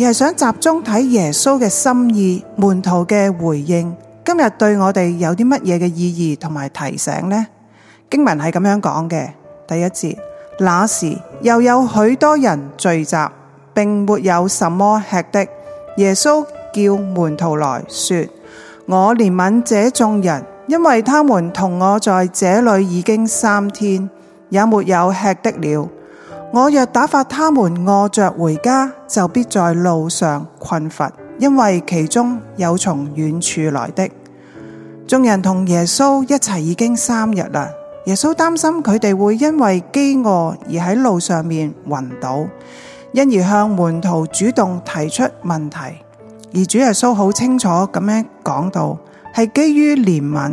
而係想集中睇耶穌嘅心意，門徒嘅回應，今日對我哋有啲乜嘢嘅意義同埋提醒呢？經文係咁樣講嘅，第一節，那時又有許多人聚集，並沒有什麼吃的。耶穌叫門徒來說：我憐憫這眾人，因為他們同我在這裏已經三天，也沒有吃的了。我若打發他們餓着回家，就必在路上困乏，因為其中有從遠處來的。眾人同耶穌一齊已經三日了。耶穌擔心佢哋會因為飢餓而喺路上面暈倒，因而向門徒主動提出問題。而主耶穌好清楚咁樣講到，是基於憐憫。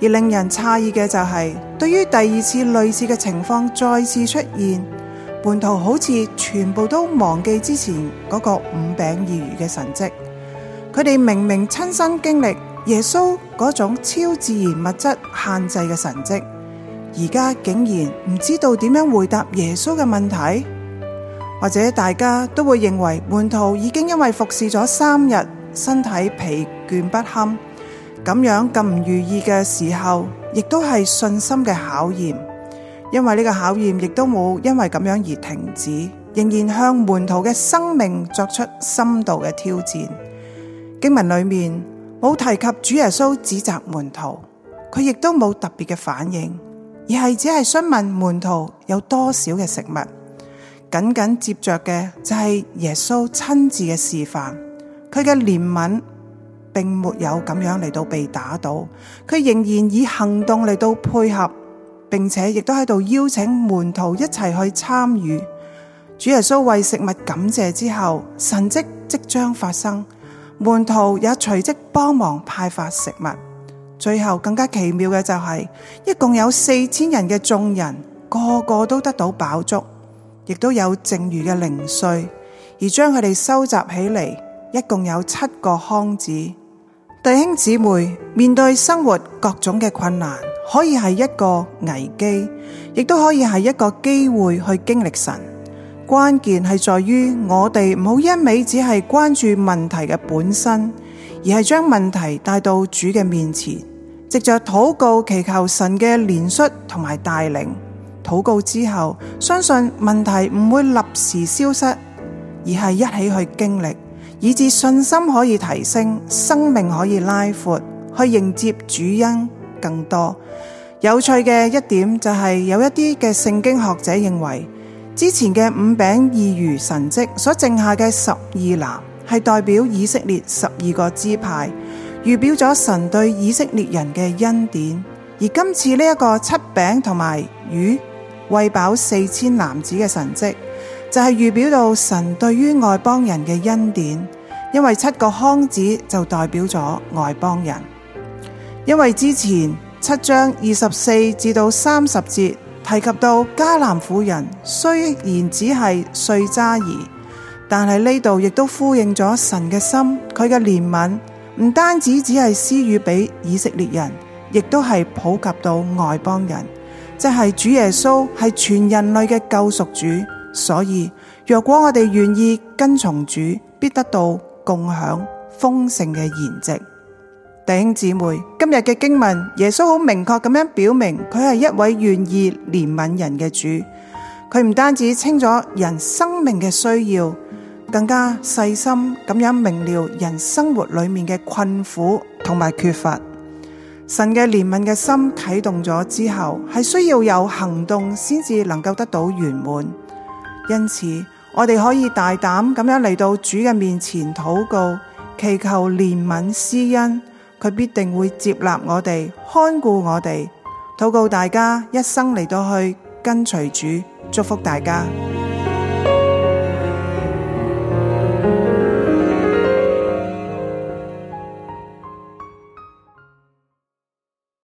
而令人詫異嘅就係、是，對於第二次類似嘅情況再次出現，門徒好似全部都忘記之前嗰個五餅二魚嘅神蹟。佢哋明明親身經歷耶穌嗰種超自然物質限制嘅神蹟，而家竟然唔知道點樣回答耶穌嘅問題，或者大家都會認為門徒已經因為服侍咗三日，身體疲倦不堪。咁樣咁唔如意嘅時候，亦都係信心嘅考驗。因為呢個考驗，亦都冇因為咁樣而停止，仍然向門徒嘅生命作出深度嘅挑戰。經文裏面冇提及主耶穌指責門徒，佢亦都冇特別嘅反應，而係只係詢問門徒有多少嘅食物。緊緊接着嘅就係耶穌親自嘅示範，佢嘅憐憫。並沒有咁樣嚟到被打倒，佢仍然以行動嚟到配合，並且亦都喺度邀請門徒一齊去參與。主耶穌為食物感謝之後，神蹟即將發生，門徒也隨即幫忙派發食物。最後更加奇妙嘅就係、是，一共有四千人嘅眾人個個都得到飽足，亦都有剩餘嘅零碎，而將佢哋收集起嚟，一共有七個筐子。弟兄姊妹，面對生活各種嘅困難，可以係一個危機，亦都可以係一個機會去經歷神。關鍵係在於我哋唔好一味只係關注問題嘅本身，而係將問題帶到主嘅面前，藉着禱告祈求神嘅憐恤同埋帶領。禱告之後，相信問題唔會立時消失，而係一起去經歷。以致信心可以提升，生命可以拉闊，去迎接主恩更多。有趣嘅一點就係、是、有一啲嘅聖經學者認為，之前嘅五餅二魚神蹟所剩下嘅十二籃係代表以色列十二個支派，預表咗神對以色列人嘅恩典。而今次呢一個七餅同埋魚餵飽四千男子嘅神蹟，就係、是、預表到神對於外邦人嘅恩典。因為七個筐子就代表咗外邦人。因為之前七章二十四至到三十節提及到迦南婦人，雖然只係碎渣兒，但係呢度亦都呼應咗神嘅心，佢嘅憐憫唔單止只係施予俾以色列人，亦都係普及到外邦人，即係主耶穌係全人類嘅救贖主。所以若果我哋願意跟從主，必得到。共享豐盛嘅筵席。弟兄姊妹，今日嘅經文，耶穌好明確咁樣表明佢係一位願意憐憫人嘅主。佢唔單止清楚人生命嘅需要，更加細心咁樣明了人生活裏面嘅困苦同埋缺乏。神嘅憐憫嘅心啟動咗之後，係需要有行動先至能夠得到圓滿。因此。我哋可以大膽咁樣嚟到主嘅面前禱告，祈求憐憫施恩，佢必定會接納我哋，看顧我哋。禱告大家一生嚟到去跟隨主，祝福大家。